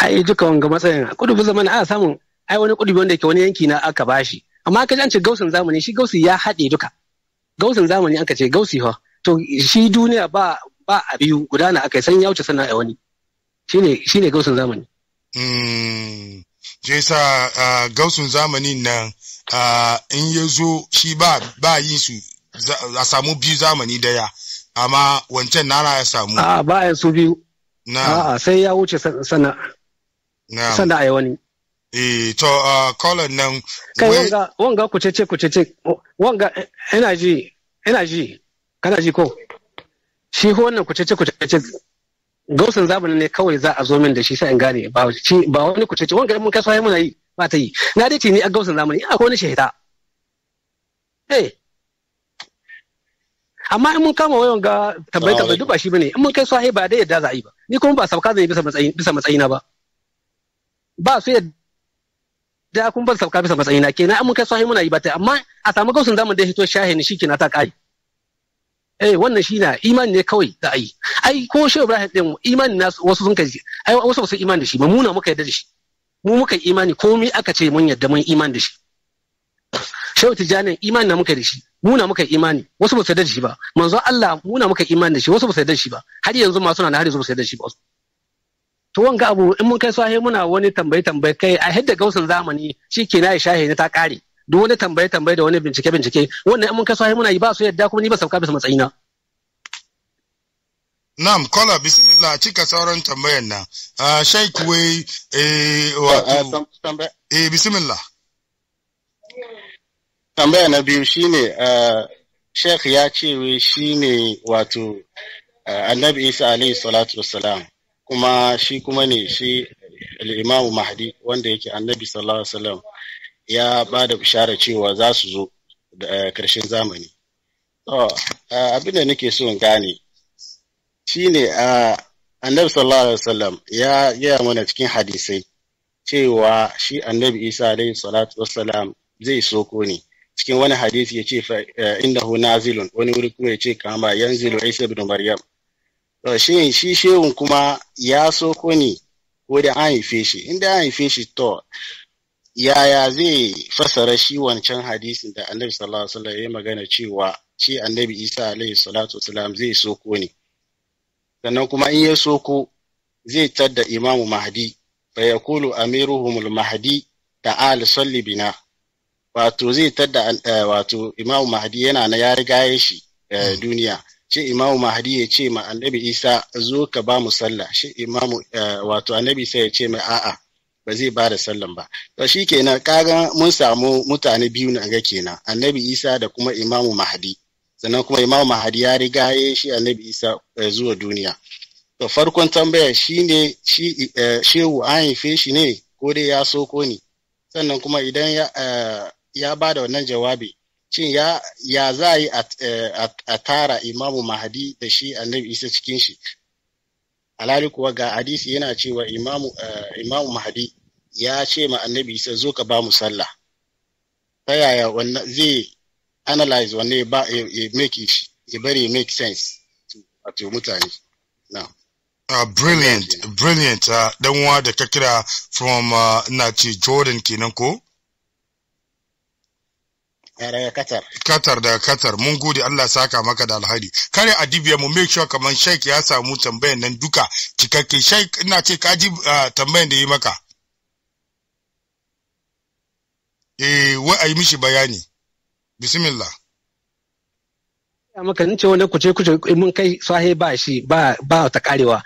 ai duka wanga matsayin kudubu zaman ana samun ai wani kudubi wanda ke wani yanki na aka bashi amma ka ce gausin zamani shi gausi ya haɗe duka gausin zamani aka ce gausi ho to shi duniya ba ba a biyu gudana aka san ya wuce sana a wani shine shine gausin zamani je hmm. sa gausun zamanin nan in ya zo shi ba ba yin su a samu biyu zamani daya amma wancan nana ya samu a ba su biyu na sai ya wuce sana Sanda a yi wani eh to kolon nan kai wanga wanga kucece kucece wanga ina ji ina ji kana ji ko shi ko wannan kucece kucece gausan zamani ne kawai za a zo min da shi sai in gane ba ba wani kucece wanga mun kai sai muna yi ba ta yi na dai ni a gausan zamani akwai wani shahida eh amma in mun kama wanga tabbai tabbai ah. duba shi bane in mun kai sai ba da yadda za a yi ba ni kuma ba sauka zai bisa matsayi bisa matsayina ba ba su da kun ban sauka bisa matsayina na kenan mun kai sahi muna yi bata amma a samu gausun zamu da hito shahi ne shikenan ta kai eh wannan shi na imani ne kawai da ai ai ko shehu ibrahim din imani na wasu sun kai ai wasu su imani da shi mu na muka yadda da shi mu muka imani komai aka ce mun yadda mun imani da shi shehu tijanin imani na muka da shi mu na muka imani wasu ba su yarda da shi ba manzo Allah mu na muka imani da shi wasu ba su yarda da shi ba har yanzu ma suna na har yanzu ba su yarda da shi ba to wanka abu in mun kai sahi muna wani tambaye tambaye kai a hidda gausan zamani shi ke na ya ta kare duk wani tambaye tambaye da wani bincike bincike wannan in mun kai sahi muna yi ba su yadda kuma ni ba sauka bisa matsayina Nam, kola bismillah cika sauran tambayan nan. Uh, Sheikh wai eh, eh wato eh, eh bismillah. Tambaya na biyu shine uh, Sheikh ya ce wai ne wato uh, Annabi Isa alaihi salatu wassalam. kuma shi kuma ne shi al'imamu mahdi wanda yake annabi sallallahu alaihi wasallam ya ba da bishara cewa za su zo da karshen eh, zamani abin da nake so gane shi ne annabi sallallahu alaihi wasallam ya gaya mana cikin hadisai cewa shi annabi isa alaihi salatu wasallam zai soko ne cikin wani hadisi ya ce eh, inda hu nazilun wani wuri kuma ya ce kama yanzilu isa ibn maryam Uh, shi shi shehun kuma ya soko ne ko da an haife shi inda an haife shi to yaya zai fasara shi wancan hadisin da annabi sallallahu alaihi wasallam ya magana cewa shi annabi isa alaihi salatu wasallam zai soko ne sannan kuma in ya soko zai tadda imamu mahdi fa yaqulu amiruhumul mahdi ta'al salli bina wato zai tadda uh, wato imamu mahdi yana na ya riga shi uh, duniya shi imamu mahdi ya ce ma annabi isa zo ka ba mu sallah shi imamu eh, wato annabi isa ya ce mai a'a ba zai ba da sallan ba to shi kenan kaga mun samu mutane biyu na ga kenan annabi isa da kuma imamu mahdi sannan kuma imamu mahdi ya riga ya shi annabi isa eh, zuwa duniya to farkon tambaya shine shi eh, shehu an haife shi ne ko dai ya soko ni sannan kuma idan ya ba da wannan jawabi cin ya ya za yi eh, a tara imamu mahadi da shi annabi isa cikin shi alhali kuwa ga hadisi yana cewa imamu eh, imamu mahadi ya ce ma annabi isa zo ka ba mu sallah ta yaya wannan zai analyze wanne ba ya make shi ya bari make sense to mutane na. Uh, ah, brilliant, brilliant. Uh, dan uwa da ka kira from uh, ah, na Jordan kenan ko? daga Qatar. Qatar daga Qatar mun gode Allah saka maka da alhari. Kare dibiya mu make sure kaman Sheikh ya samu tambayan nan duka cikakke Sheikh ina ce ka ji ah, tambayan da yi maka. Eh wai ayi mishi bayani. Bismillah. Ya maka nace wani kuce kuce mun kai sahi ba shi ba ba ta karewa.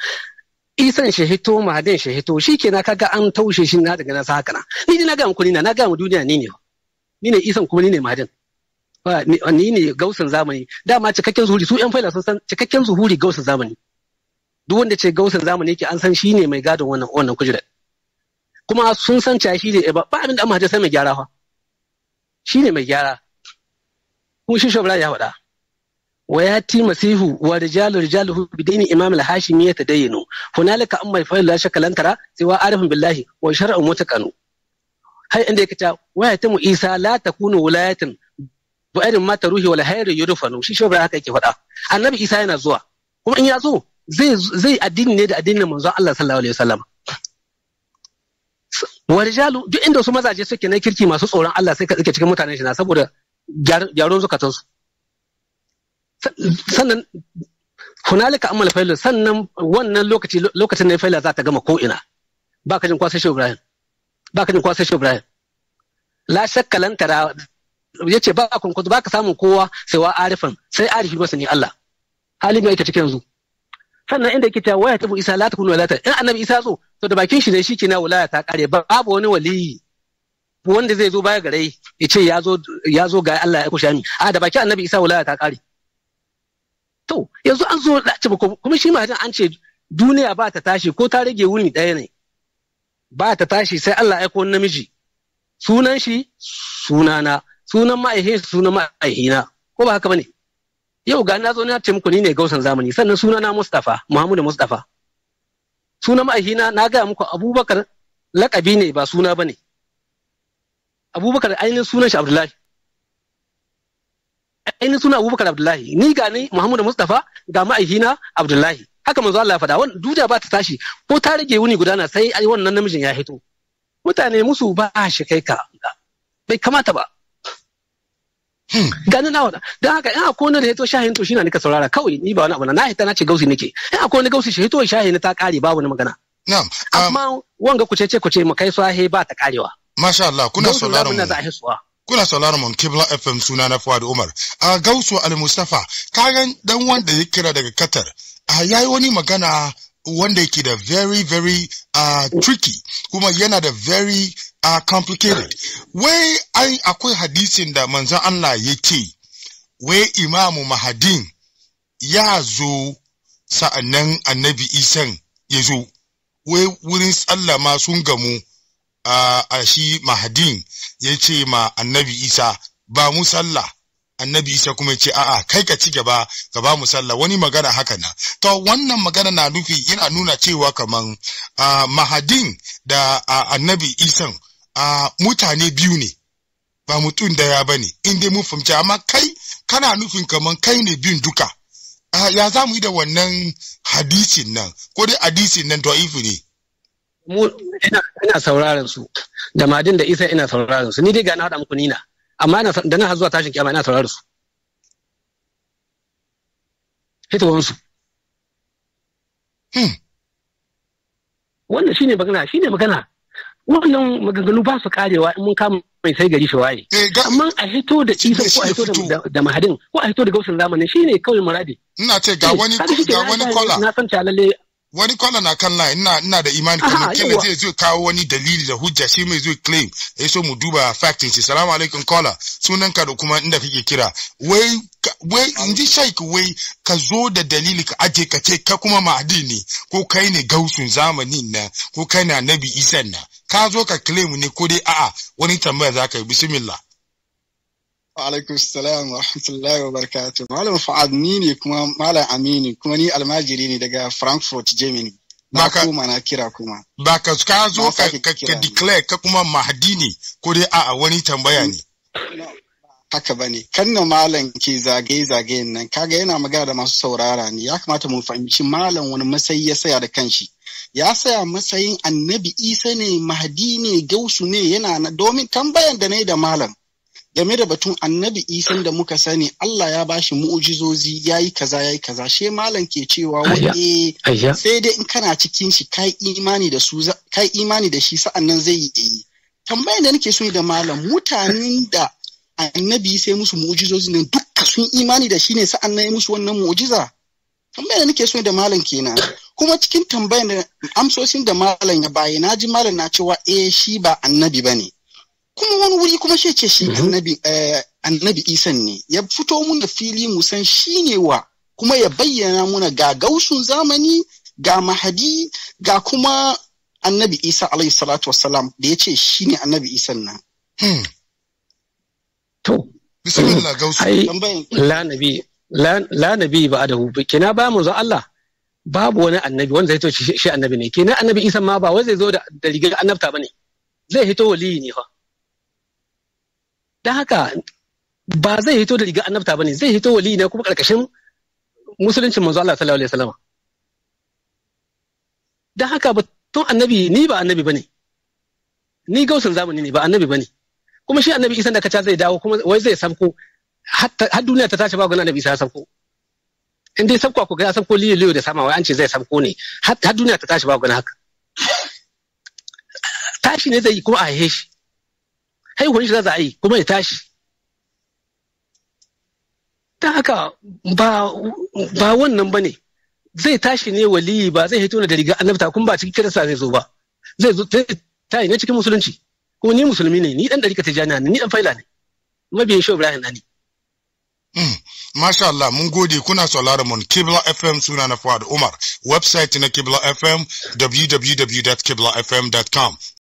isan shi hito mahadin shi hito shi kaga an taushe shi na daga na sakana ni na ga mu kulina na ga mu duniya ne ne ni ne isan kuma ni ne mahadin ni ne gausan zamani dama cikakken zuhuri su yan faila sun san cikakken zuhuri gausan zamani duk wanda ce gausan zamani yake an san shi ne mai gadon wannan wannan kujerar kuma sun san cewa shi ne ba abin da an mahadin sai mai gyara fa shi ne mai gyara kuma shi shobra ya faɗa Masihu وياتي مسيح ورجال رجاله Hashimiyya ta الهاشميه Hunalika هنالك اما الفضل لا sai "wa ترى سوى عارف بالله وشرع متقن har inda ya ta waya ta mu isa la ta takunu wulayatin ma mata ruhi wal hayri yurfanu shi shobra haka yake faɗa annabi isa yana zuwa kuma in ya zo zai zai addini ne da addinin manzo Allah sallallahu alaihi wasallam warjalu duk inda su mazaje suke na kirki masu tsoron Allah sai ka tsike cikin mutanen shi na saboda gyaron zukatan su sannan hunalika amal failu sannan wannan lokaci lokacin ne faila za ta gama ko ina ba ka jin shi Ibrahim ka jin kowa sai shi la shakka lan tara ce ba ka kunkutu ba ka samun kowa sai wa arifan sai arifi masa ne Allah halin ya yake cikin yanzu sannan inda yake cewa waya bu isa la kunu wala ta in annabi isa so to da bakin shi ne shi na wulaya ta kare babu wani waliyi wanda zai zo baya gare ya ce ya zo ga Allah ya kushe ni a da bakin annabi isa wulaya ta kare to yanzu an zo da kuma shi ma an ce duniya ba ta tashi ko ta rage wuni ɗaya ne ba ta tashi sai Allah aiko namiji sunan shi sunana sunan ma'aihin sunan ma'aihina ko ba haka bane yau ga na zo na ce muku ni ne gausan zamani sannan sunana Mustafa Muhammadu Mustafa sunan ma'aihina na gaya muku Abubakar lakabi ne ba suna bane Abubakar ainihin sunan shi Abdullahi ainihin suna Abubakar Abdullahi ni ga ni Muhammadu Mustafa ga ma'aihina Abdullahi haka manzo Allah ya faɗa duja ba ta tashi ko ta rage wuni gudana sai ai wannan namijin ya hito mutane musu ba shi kai ka bai kamata ba hmm. gani na wada dan haka in akwai wani da hito shahin to shi na nika saurara kawai ni ba wani abu na hita na ce gausi nake in akwai wani gausi shi hito shahin ta kare babu wani magana amma um, wanga kuce ce kuce mu kai ahe ba ta karewa masha Allah kuna sauraron mu kuna sauraron mu Kibla FM suna na Fuad Umar a uh, Gausu Al Mustafa ga dan wanda ya kira daga katar. uh, ya yi wani magana wanda yake da very very uh, tricky kuma yana da very uh, complicated wai akwai hadisin da manzan Allah ya ce wai imamu mahadin ya zo sa'annan annabi isan ya zo wai wurin tsallama sun gamu uh, a shi mahadin ya ce ma annabi isa ba mu sallah annabi isa kuma ya ce a'a kai ka ci gaba ka ba mu sallah wani magana haka na to wannan magana na nufi yana nuna cewa kaman uh, mahadin da uh, annabi isan mutane biyu ne ba mutum daya ba ne in dai mun fahimci amma kai kana nufin kaman kai ne biyun duka uh, ya za mu yi da wannan hadisin nan ko dai hadisin nan da'ifu ne mu ina sauraron su da madin da isa ina sauraron su ni dai ga na haɗa muku nina amma ina da nan har zuwa tashin kiyama ina tauraro su fitowar su hmm. wannan shine magana shine magana wannan maganganu ba su karewa in mun kama mai sai gari shi waye eh, amma a hito da isan ko a hito da mahadin ko a hito da gausar zamanin shine kawai muradi ina ce ga eh, wani ga wani kola na san ta lalle wani kwallon na kan line ina ina da imani kamar kila zai zo kawo wani dalili da hujja shi mai zo claim ya so mu duba factin shi salamu alaikum kola sunan ka da kuma inda kake kira wai wai in ji shaik wai ka zo da dalili ka aje ka ce ka kuma ma'adi ne ko kai ne gausun zamanin na ko kai na nabi isan na ka zo ka claim ne ko dai a'a wani tambaya za ka yi bismillah alaikum salam wa rahmatullahi wa barakatu. malam fa'ad ni ne kuma malam amini kuma ni almajiri ne daga frankfurt germany na kuma na kira kuma ba ka zo ka declare ka kuma mahdi ne ko dai a'a wani tambaya ne haka bane kan na malam ke zagaye zagaye nan kaga yana magana da masu saurara ne ya kamata mu fahimci malam wani matsayi ya saya da kanshi ya saya matsayin annabi isa ne mahdi ne gausu ne yana domin tambayan da na da malam game da batun annabi isan da muka sani Allah ya bashi mu'ujizozi ya yi kaza ya yi kaza shi malam ke cewa wani eh, sai dai in kana cikin shi kai imani da su kai imani da shi sa'annan zai yi tambayar da nake so da malam mutanen da annabi sai musu mu'ujizozi ne duk sun imani da shi ne sa'annan ya musu wannan mu'ujiza tambayar da nake so da malam kenan kuma cikin tambayar da amsoshin da malam ya bayi na ji malam na cewa eh shi ba annabi bane kuma wani wuri kuma shi ce shi mhm. annabi eh, isan ne ya fito muna fili mu san shi ne wa kuma ya bayyana muna ga gausun zamani ga mahadi ga kuma annabi isa alayhi salatu wassalam da ya ce shi ne annabi isan nan hmm. to bismillah hmm. la nabi ba a da adahu kina ba mu Allah babu wani annabi wanda zai to shi annabi ne Kina annabi isan ma ba wai zai zo da rigar annabta bane zai hito waliyi ne fa don haka ba zai hito da riga annabta ba ne zai hito wali ne kuma karkashin musuluncin manzo Allah sallallahu alaihi wasallam don haka ba tun annabi ni ba annabi ba ne? ni gausun zamani ne ba annabi ba ne? kuma shi annabi isan da kaca zai dawo kuma wai zai sabko har duniya ta tashi ba gani annabi isa ya sabko in dai sabko ku ga sabko liyo liyo da sama wai an ce zai sabko ne har duniya ta tashi ba gani haka tashi ne zai yi kuma a haihe shi haihuwar shi za a yi kuma ya tashi ta haka ba wannan ba ne zai tashi ne waliyi ba zai hito da riga annabta kuma ba cikin kirista zai zo ba zai zo ta yi na cikin musulunci ko ni musulmi ne ni dan ta tijjani ne ni dan faila ne mabiyin shi ibrahim na ne hmm. Masha Allah, mun gode kuna sauraron mun Kibla FM suna na Fuad Umar. Website na Kibla FM www.kiblafm.com.